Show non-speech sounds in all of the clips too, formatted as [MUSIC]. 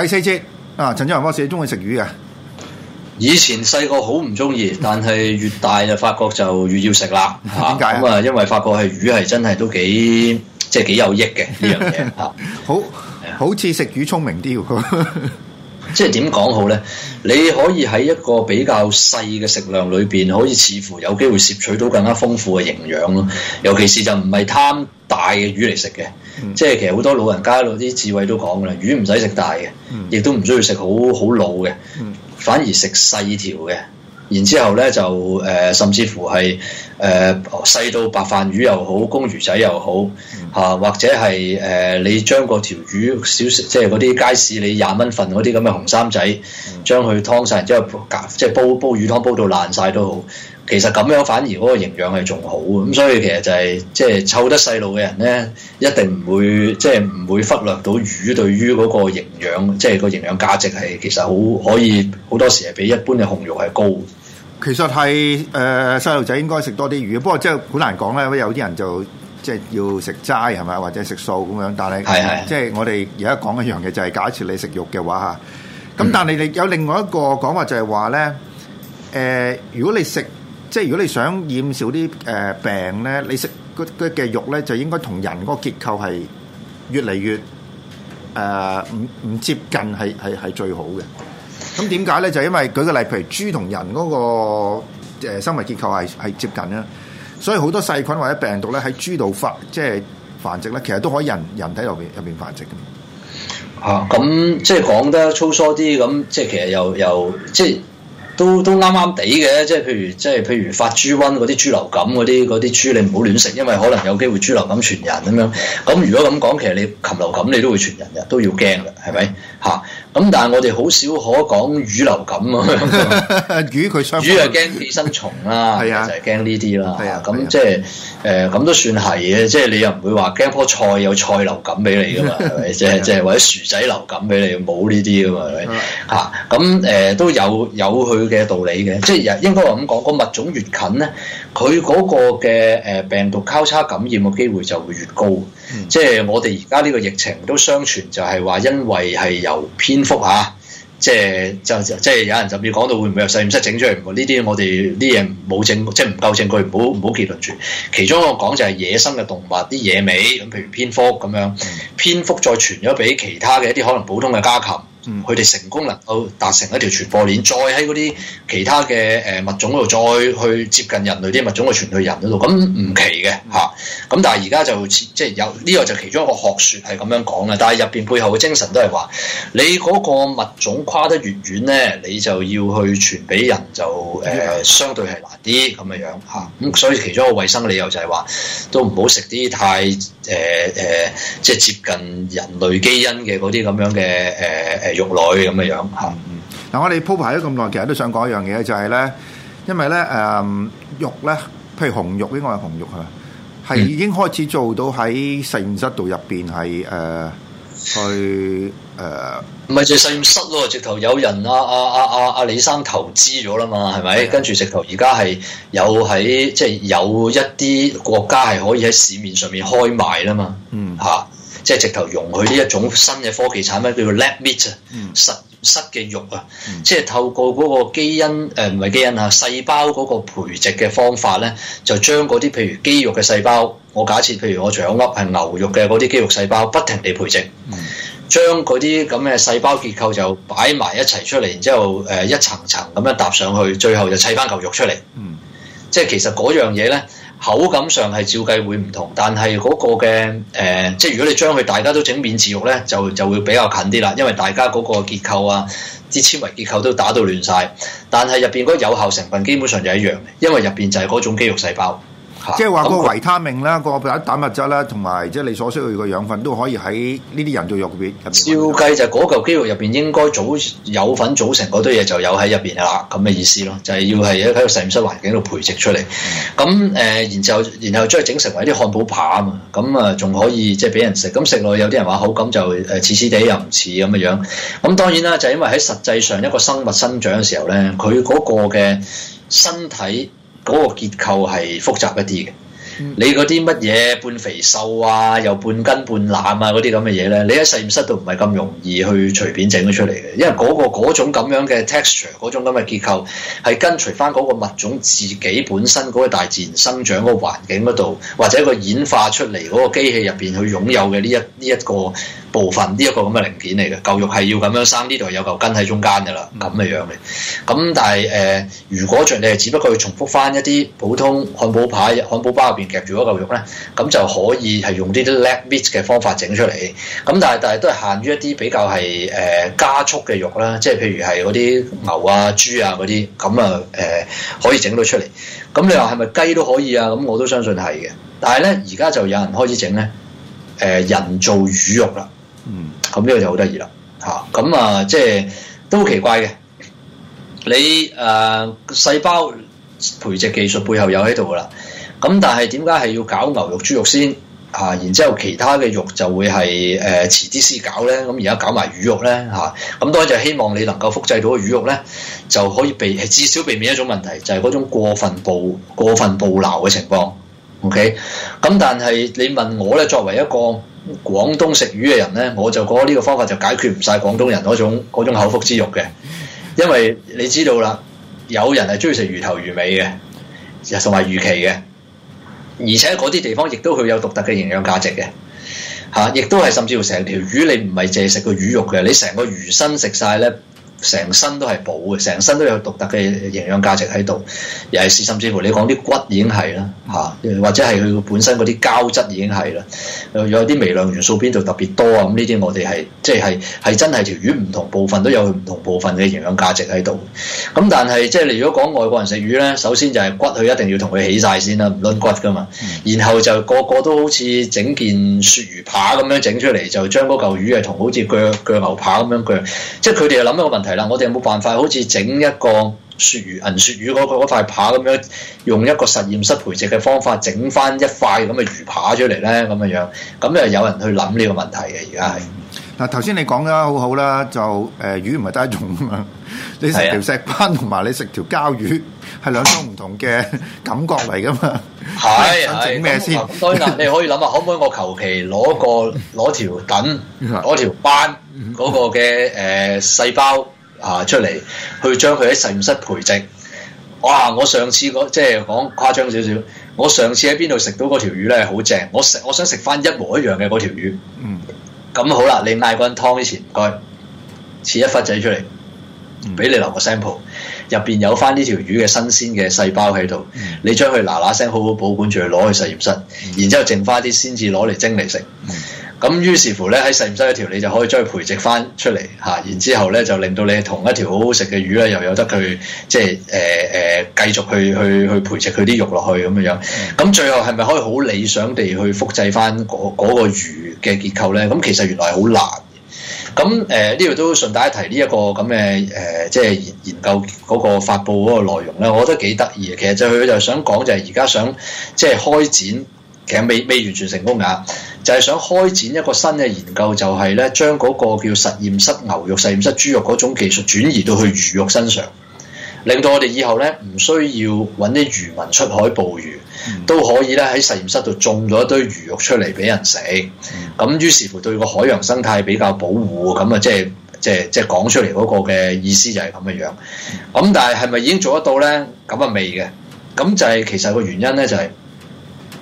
第四節啊，陳志宏博士中意食魚嘅。以前細個好唔中意， [LAUGHS] 但係越大就發覺就越要食啦。點、啊、解？咁啊，因為發覺係魚係真係都幾即係幾有益嘅呢 [LAUGHS] 樣嘢啊。好 [LAUGHS] 好似食魚聰明啲。 [LAUGHS] 即係點講好呢？你可以喺一個比較細嘅食量裏邊，可以似乎有機會攝取到更加豐富嘅營養咯。尤其是就唔係貪大嘅魚嚟食嘅，即係其實好多老人家嗰啲智慧都講嘅啦。魚唔使食大嘅，亦都唔需要食好好老嘅，反而食細條嘅。然之後咧就誒、呃，甚至乎係誒、呃、細到白飯魚又好，公魚仔又好嚇、啊，或者係誒、呃、你將個條魚少，即係嗰啲街市你廿蚊份嗰啲咁嘅紅衫仔，將佢劏曬，然之後即係煲煲魚湯煲到爛晒都好。其實咁樣反而嗰個營養係仲好嘅。咁、嗯、所以其實就係即係湊得細路嘅人咧，一定唔會即係唔會忽略到魚對於嗰個營養，即、就、係、是、個營養價值係其實好可以好多時係比一般嘅紅肉係高。其實係誒細路仔應該食多啲魚，不過即係好難講咧。咁有啲人就即係要食齋係咪？或者食素咁樣。但係即係我哋而家講一樣嘢，就係假設你食肉嘅話嚇，咁但係你哋有另外一個講法就係話咧，誒，如果你食即係如果你想染少啲誒病咧，你食嗰嗰嘅肉咧，就應該同人嗰個結構係越嚟越誒唔唔接近係係係最好嘅。咁點解咧？就因為舉個例，譬如豬同人嗰個生物結構係係接近啦，所以好多細菌或者病毒咧喺豬度發即係繁殖咧，其實都可以人人體入邊入邊繁殖嘅、啊。嚇！咁即係講得粗疏啲，咁即係其實又又即係都都啱啱地嘅。即係譬如即係譬如發豬瘟嗰啲豬流感嗰啲啲豬，你唔好亂食，因為可能有機會豬流感傳人咁樣。咁如果咁講，其實你禽流感你都會傳人嘅，都要驚嘅，係咪？嚇！咁但係我哋好少可講魚流感啊，魚佢，魚係驚寄生蟲啊，係啊，就係驚呢啲啦。係啊，咁即係誒，咁都算係嘅。即係 [LAUGHS] 你又唔會話驚棵菜有菜流感俾你噶嘛？係咪？ [LAUGHS] 即係即係或者薯仔流感俾你冇呢啲啊嘛？係咪？嚇、呃！咁誒都有有佢嘅道理嘅。即係應該話咁講，個物種越近咧，佢嗰個嘅誒病毒交叉感染嘅機會就會越高。即係我哋而家呢個疫情都相傳就係話，因為係由蝙蝠嚇，即係就即係有人就要講到會唔會有實驗室整出嚟，唔過呢啲我哋啲嘢冇證，即係唔夠證據，唔好唔好結論住。其中一個講就係野生嘅動物啲野味，咁譬如蝙蝠咁樣，蝙蝠再傳咗俾其他嘅一啲可能普通嘅家禽。嗯，佢哋成功能夠達成一條傳播鏈，再喺嗰啲其他嘅誒物種嗰度，再去接近人類啲物種去傳去人嗰度，咁唔奇嘅嚇。咁、嗯啊、但係而家就即係有呢、這個就其中一個學説係咁樣講嘅，但係入邊背後嘅精神都係話，你嗰個物種跨得越遠咧，你就要去傳俾人就誒、呃，相對係難啲咁嘅樣嚇。咁、啊嗯、所以其中一個衞生理由就係話，都唔好食啲太誒誒、呃呃，即係接近人類基因嘅嗰啲咁樣嘅誒、呃肉類咁嘅樣嚇，嗱、嗯嗯嗯嗯嗯、我哋鋪排咗咁耐，其實都想講一樣嘢，就係、是、咧，因為咧誒肉咧，譬如紅肉，應該係紅肉嚇，係已經開始做到喺實驗室度入邊係誒去誒，唔係就實驗室咯，直頭有人啊，啊啊啊，阿、啊啊啊、李生投資咗啦嘛，係咪？是跟住直頭而家係有喺即係有一啲國家係可以喺市面上面開賣啦嘛，嗯嚇。即係直頭容許呢一種新嘅科技產品叫做 lab meat 啊，實驗室嘅肉啊，嗯、即係透過嗰個基因誒唔係基因啊，細胞嗰個培植嘅方法咧，就將嗰啲譬如肌肉嘅細胞，我假設譬如我除咗噏係牛肉嘅嗰啲肌肉細胞，不停地培植，嗯、將嗰啲咁嘅細胞結構就擺埋一齊出嚟，然之後誒一層層咁樣搭上去，最後就砌翻嚿肉出嚟、嗯嗯。即係其實嗰樣嘢咧。口感上係照計會唔同，但係嗰個嘅誒、呃，即係如果你將佢大家都整面肌肉呢，就就會比較近啲啦，因為大家嗰個結構啊、啲纖維結構都打到亂晒，但係入邊嗰有效成分基本上就一樣嘅，因為入邊就係嗰種肌肉細胞。即係話嗰個維他命啦，個、啊、蛋白質啦，同埋即係你所需要嘅養分都可以喺呢啲人造肉入邊。照計就係嗰嚿肌肉入邊應該組有份組成嗰堆嘢就有喺入邊啦，咁嘅意思咯，就係、是、要係喺個實驗室環境度培植出嚟。咁誒、嗯呃，然之後，然後將佢整成為啲漢堡扒啊嘛，咁、嗯、啊，仲可以即係俾人食。咁食落去有啲人話口感就誒似似哋又唔似咁嘅樣。咁當然啦，就是、因為喺實際上一個生物生長嘅時候咧，佢嗰個嘅身體。嗰個結構係複雜一啲嘅，你嗰啲乜嘢半肥瘦啊，又半筋半腩啊，嗰啲咁嘅嘢咧，你喺實驗室度唔係咁容易去隨便整咗出嚟嘅，因為嗰個嗰種咁樣嘅 texture，嗰種咁嘅結構係跟隨翻嗰個物種自己本身嗰個大自然生長嗰個環境嗰度，或者一個演化出嚟嗰個機器入邊去擁有嘅呢一呢一個。部分呢一個咁嘅零件嚟嘅，嚿肉係要咁樣生，呢度有嚿筋喺中間嘅啦，咁嘅樣嘅。咁但係誒、呃，如果在你係只不過要重複翻一啲普通漢堡排、漢堡包入邊夾住一嚿肉咧，咁就可以係用啲 lab meat 嘅方法整出嚟。咁但係但係都係限於一啲比較係誒加速嘅肉啦，即係譬如係嗰啲牛啊、豬啊嗰啲，咁啊誒可以整到出嚟。咁你話係咪雞都可以啊？咁我都相信係嘅。但係咧，而家就有人開始整咧，誒人造魚肉啦。嗯，咁呢個就好得意啦，吓、啊、咁啊，即係都好奇怪嘅。你誒，細胞培植技術背後有喺度噶啦，咁但係點解係要搞牛肉、豬肉先吓？然之後其他嘅肉就會係誒、呃、遲啲先搞咧。咁而家搞埋魚肉咧吓，咁、啊、當然就希望你能夠複製到個魚肉咧，就可以避至少避免一種問題，就係嗰種過分暴過分暴鬧嘅情況。OK，嗯，咁但係你問我咧，作為一個。廣東食魚嘅人呢，我就覺得呢個方法就解決唔晒廣東人嗰種，嗰種口腹之慾嘅，因為你知道啦，有人係中意食魚頭魚尾嘅，同埋魚鰭嘅，而且嗰啲地方亦都佢有獨特嘅營養價值嘅，嚇、啊，亦都係甚至乎成條魚你唔係淨係食個魚肉嘅，你成個魚身食晒呢。成身都係補嘅，成身都有獨特嘅營養價值喺度，又係甚至乎你講啲骨已經係啦嚇，或者係佢本身嗰啲膠質已經係啦，有啲微量元素邊度特別多啊！咁呢啲我哋係即係係真係條魚唔同部分都有唔同部分嘅營養價值喺度。咁但係即係你如果講外國人食魚呢，首先就係骨佢一定要同佢起晒先啦，唔論骨噶嘛。然後就個個都好似整件鱈魚扒咁樣整出嚟，就將嗰嚿魚啊同好似鋸鋸牛扒咁樣鋸，即係佢哋又諗一個問題。係啦，我哋有冇辦法好似整一個鱈魚銀鱈魚嗰嗰塊扒咁樣，用一個實驗室培植嘅方法整翻一塊咁嘅魚扒出嚟咧？咁嘅樣，咁就有人去諗呢個問題嘅，而家係嗱頭先你講得好好啦，就誒、呃、魚唔係得一種啊嘛，你食條石斑條同埋你食條膠魚係兩種唔同嘅感覺嚟噶嘛？係係整咩先？所以嗱，你可以諗下，可唔可以我求其攞個攞條躉，攞條斑嗰，那個嘅誒細胞。啊！出嚟去將佢喺實驗室培植。哇！我上次嗰即係講誇張少少。我上次喺邊度食到嗰條魚呢，好正。我食我想食翻一模一樣嘅嗰條魚。嗯。咁好啦，你嗌嗰陣湯之前唔該，切一忽仔出嚟，俾你留個 sample，入邊有翻呢條魚嘅新鮮嘅細胞喺度。你將佢嗱嗱聲好好保管住，去攞去實驗室，然之後剩翻啲先至攞嚟蒸嚟食。嗯嗯咁於是乎咧，喺細唔細一條，你就可以將佢培植翻出嚟吓，然之後咧就令到你同一條好好食嘅魚咧，又有得佢即係誒誒繼續去去去，去培植佢啲肉落去咁樣樣。咁最後係咪可以好理想地去複製翻嗰嗰個魚嘅結構咧？咁其實原來係好難。咁誒呢度都順帶一提呢一、這個咁嘅誒，即係研究嗰個發布嗰個內容咧，我覺得幾得意嘅。其實就佢就想講就係而家想即係開展。其實未未完全成功啊！就係、是、想開展一個新嘅研究，就係、是、咧將嗰個叫實驗室牛肉、實驗室豬肉嗰種技術轉移到去魚肉身上，令到我哋以後咧唔需要揾啲漁民出海捕魚，都可以咧喺實驗室度種咗一堆魚肉出嚟俾人食。咁於是乎對個海洋生態比較保護，咁啊即係即係即係講出嚟嗰個嘅意思就係咁嘅樣。咁但係係咪已經做得到咧？咁啊未嘅。咁就係其實個原因咧就係、是。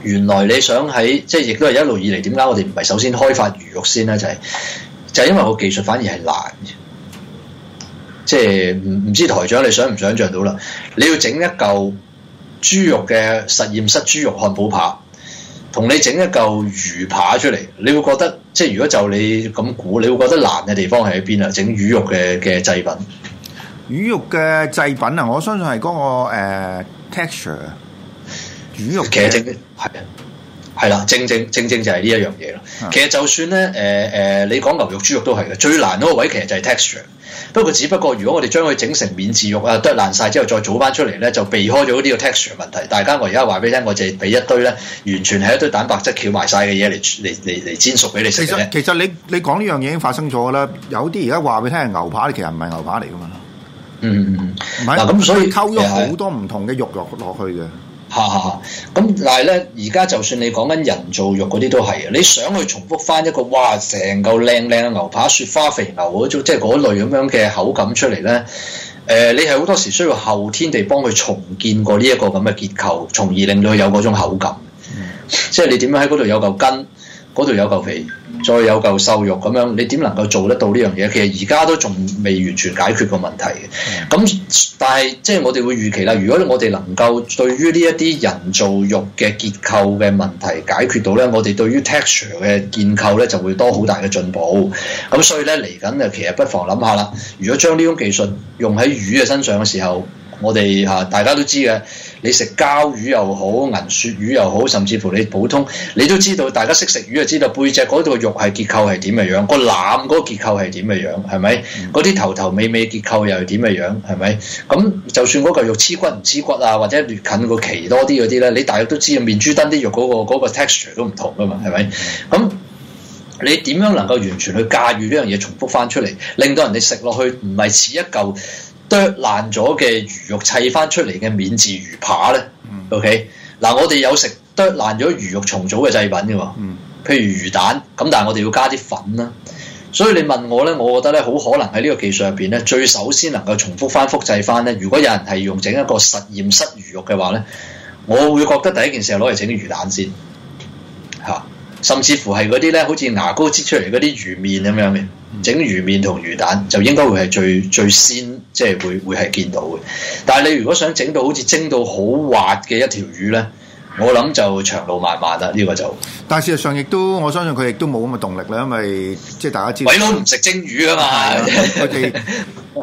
原來你想喺即係，亦都係一路以嚟點解我哋唔係首先開發魚肉先呢？就係，就係，因為個技術反而係難嘅，即係唔唔知台長你想唔想象到啦？你要整一嚿豬肉嘅實驗室豬肉漢堡扒，同你整一嚿魚扒出嚟，你會覺得即係如果就你咁估，你會覺得難嘅地方係喺邊啊？整魚肉嘅嘅製品，魚肉嘅製品啊，我相信係嗰個 uh, texture。其實正係啊，係啦，正正正正就係呢一樣嘢咯。其實就算咧，誒誒，你講牛肉、豬肉都係嘅。最難嗰個位，其實就係 texture。不過只不過，如果我哋將佢整成免治肉啊，都係爛晒之後再組翻出嚟咧，就避開咗呢個 texture 問題。大家我而家話俾你聽，我就係俾一堆咧，完全係一堆蛋白質撬埋晒嘅嘢嚟嚟嚟嚟煎熟俾你食嘅。其實你你講呢樣嘢已經發生咗啦。有啲而家話俾你聽，牛扒其實唔係牛扒嚟噶嘛。嗯，嗯唔係咁，所以溝咗好多唔同嘅肉肉落去嘅。啊啊咁但係咧，而家就算你講緊人造肉嗰啲都係啊，你想去重複翻一個哇，成嚿靚靚嘅牛扒、雪花肥牛嗰種，即係嗰類咁樣嘅口感出嚟咧？誒、呃，你係好多時需要後天地幫佢重建過呢一個咁嘅結構，從而令到佢有嗰種口感。嗯、即係你點樣喺嗰度有嚿根？嗰度有嚿肥，再有嚿瘦肉咁樣，你點能夠做得到呢樣嘢？其實而家都仲未完全解決個問題嘅。咁但係即係我哋會預期啦。如果我哋能夠對於呢一啲人造肉嘅結構嘅問題解決到呢，我哋對於 texture 嘅建構呢就會多好大嘅進步。咁所以呢，嚟緊就其實不妨諗下啦。如果將呢種技術用喺魚嘅身上嘅時候，我哋嚇大家都知嘅，你食鮭魚又好，銀雪魚又好，甚至乎你普通，你都知道，大家識食魚就知道背脊嗰度肉係結構係點嘅樣，個腩嗰個結構係點嘅樣，係咪？嗰啲、嗯、頭頭尾尾結構又係點嘅樣，係咪？咁就算嗰嚿肉黐骨唔黐骨啊，或者近個鰭多啲嗰啲咧，你大約都知面珠墩啲肉嗰、嗰個嗰個 texture 都唔同噶嘛，係咪？咁你點樣能夠完全去駕馭呢樣嘢，重複翻出嚟，令到人哋食落去唔係似一嚿？剁爛咗嘅魚肉砌翻出嚟嘅免治魚扒呢，OK，嗱，我哋有食剁爛咗魚肉重組嘅製品嘅喎，嗯、譬如魚蛋，咁但係我哋要加啲粉啦。所以你問我呢，我覺得呢，好可能喺呢個技術入邊呢，最首先能夠重複翻、複製翻呢。如果有人係用整一個實驗室魚肉嘅話呢，我會覺得第一件事係攞嚟整啲魚蛋先嚇。啊。甚至乎係嗰啲咧，好似牙膏擠出嚟嗰啲魚麵咁樣嘅，整魚麵同魚蛋就應該會係最最鮮，即係會會係見到嘅。但係你如果想整到好似蒸到好滑嘅一條魚呢？我諗就長路漫漫啦，呢個就。但事實上亦都，我相信佢亦都冇咁嘅動力啦，因為即係大家知。鬼佬唔食蒸魚啊嘛！佢哋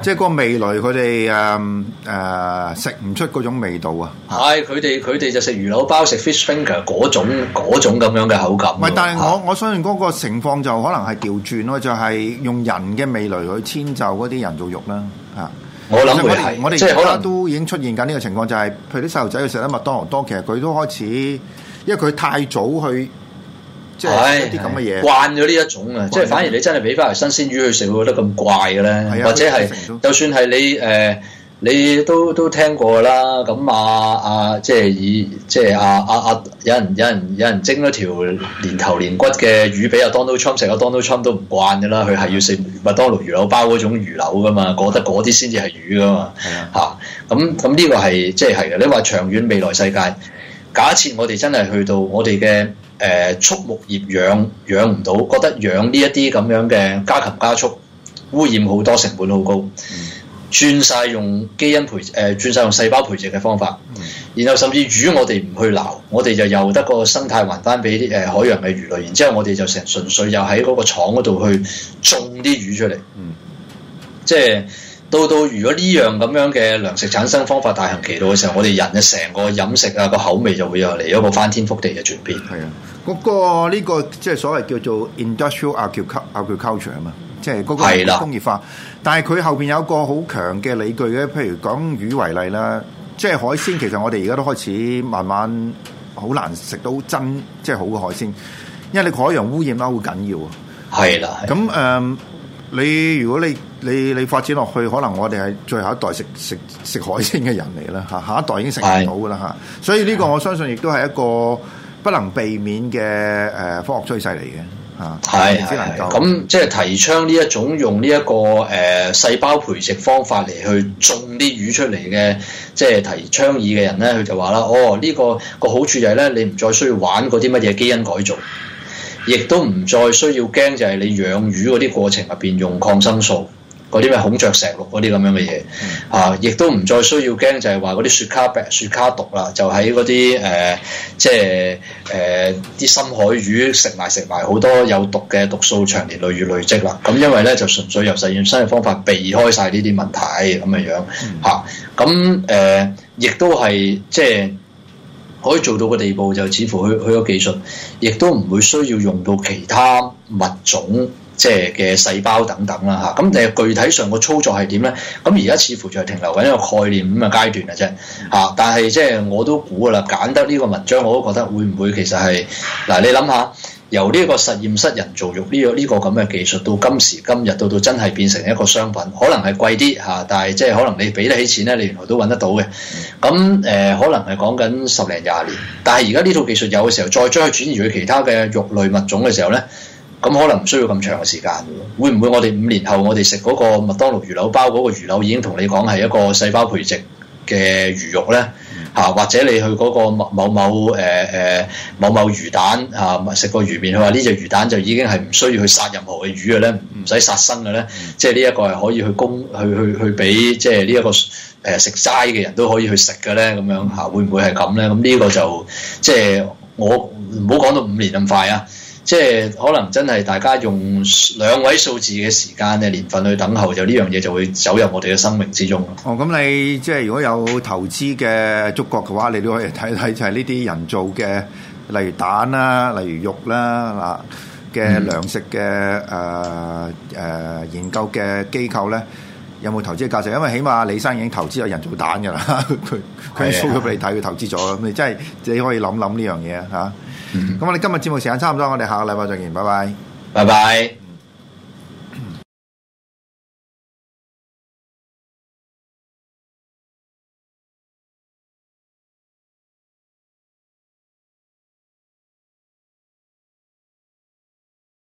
即係個味蕾佢哋誒誒食唔出嗰種味道啊！係佢哋佢哋就食魚柳包食 fish finger 嗰種嗰種咁樣嘅口感。唔係，但係我我相信嗰個情況就可能係調轉咯，就係用人嘅味蕾去遷就嗰啲人造肉啦，嚇。我諗嘅係，我哋可能都已經出現緊呢個情況，就係譬如啲細路仔去食得麥當勞多，其實佢都開始，因為佢太早去，即係啲咁嘅嘢慣咗呢一種啊，種種即係反而你真係俾翻嚟新鮮魚去食，會覺得咁怪嘅咧，啊、或者係就算係你誒。呃你都都聽過啦，咁啊啊，即係以即係啊啊啊，有人有人有人蒸咗條連頭連骨嘅魚俾阿 Donald Trump 食，阿 Donald Trump 都唔慣嘅啦，佢係要食麥當勞魚柳包嗰種魚柳噶嘛，覺得嗰啲先至係魚噶嘛，嚇咁咁呢個係即係係嘅。你話長遠未來世界，假設我哋真係去到我哋嘅誒畜牧業養養唔到，覺得養呢一啲咁樣嘅家禽家畜污染好多，成本好高。轉晒用基因培誒，轉晒用細胞培植嘅方法，然後甚至魚我哋唔去撈，我哋就由得個生態還翻俾啲誒海洋嘅魚類，然之後我哋就成純粹又喺嗰個廠嗰度去種啲魚出嚟。嗯，即係到到如果呢樣咁樣嘅糧食產生方法大行其道嘅時候，我哋人嘅成個飲食啊個口味就會又嚟咗個翻天覆地嘅轉變。係啊，嗰、這個呢個即係所謂叫做 industrial agriculture agriculture 啊嘛。即係嗰個工業化，是的 但係佢後邊有一個好強嘅理據嘅，譬如講魚為例啦，即係海鮮。其實我哋而家都開始慢慢好難食到真，即係好嘅海鮮，因為你海洋污染啦，好緊要。係啦，咁、呃、誒，你如果你你你發展落去，可能我哋係最後一代食食食海鮮嘅人嚟啦，嚇下一代已經食唔到噶啦嚇。是的 所以呢個我相信亦都係一個不能避免嘅誒科學趨勢嚟嘅。係咁、啊、即係提倡呢一種用呢、呢、一個誒細、呃、胞培植方法嚟去種啲魚出嚟嘅，即係提倡議嘅人咧，佢就話啦，哦呢、呢個個好處就係咧，你唔再需要玩嗰啲乜嘢基因改造，亦都唔再需要驚就係你養魚嗰啲過程入邊用抗生素。嗰啲咩孔雀石綠嗰啲咁樣嘅嘢，啊、嗯，亦都唔再需要驚，就係話嗰啲雪卡雪卡毒啦，就喺嗰啲誒，即係誒啲深海魚食埋食埋好多有毒嘅毒素，長年累月累積啦。咁因為咧就純粹由實驗室嘅方法避開晒呢啲問題咁嘅樣嚇，咁誒亦都係即係可以做到個地步，就似乎去去咗技術，亦都唔會需要用到其他物種。即係嘅細胞等等啦嚇，咁但係具體上個操作係點呢？咁而家似乎就係停留緊一個概念咁嘅階段嘅啫嚇。但係即係我都估啦，揀得呢個文章我都覺得會唔會其實係嗱？你諗下，由呢個實驗室人造肉呢個呢個咁嘅技術到今時今日，到到真係變成一個商品，可能係貴啲嚇，但係即係可能你俾得起錢咧，你原來都揾得到嘅。咁誒、呃，可能係講緊十零廿年，但係而家呢套技術有嘅時候，再將佢轉移去其他嘅肉類物種嘅時候呢。咁可能唔需要咁長嘅時間喎，會唔會我哋五年後我哋食嗰個麥當勞魚柳包嗰個魚柳已經同你講係一個細胞培植嘅魚肉呢？嚇，或者你去嗰個某某誒誒、呃、某某魚蛋啊，食個魚麵，佢話呢隻魚蛋就已經係唔需要去殺任何嘅魚嘅呢？唔使殺生嘅呢？嗯、即係呢一個係可以去供去去去俾即係呢一個誒食齋嘅人都可以去食嘅呢。咁樣嚇會唔會係咁呢？咁呢個就即係我唔好講到五年咁快啊！即係可能真係大家用兩位數字嘅時間咧，年份去等候，就呢樣嘢就會走入我哋嘅生命之中哦，咁你即係如果有投資嘅觸覺嘅話，你都可以睇睇就係呢啲人造嘅，例如蛋啦，例如肉啦嗱嘅、啊、糧食嘅誒誒研究嘅機構咧。有冇投資嘅價值？因為起碼李生已經投資有人造蛋嘅啦，佢 show 咗俾你睇，佢投資咗咁，的你真係你可以諗諗呢樣嘢啊咁、嗯、我哋今日節目時間差唔多，我哋下個禮拜再見，拜拜，拜拜。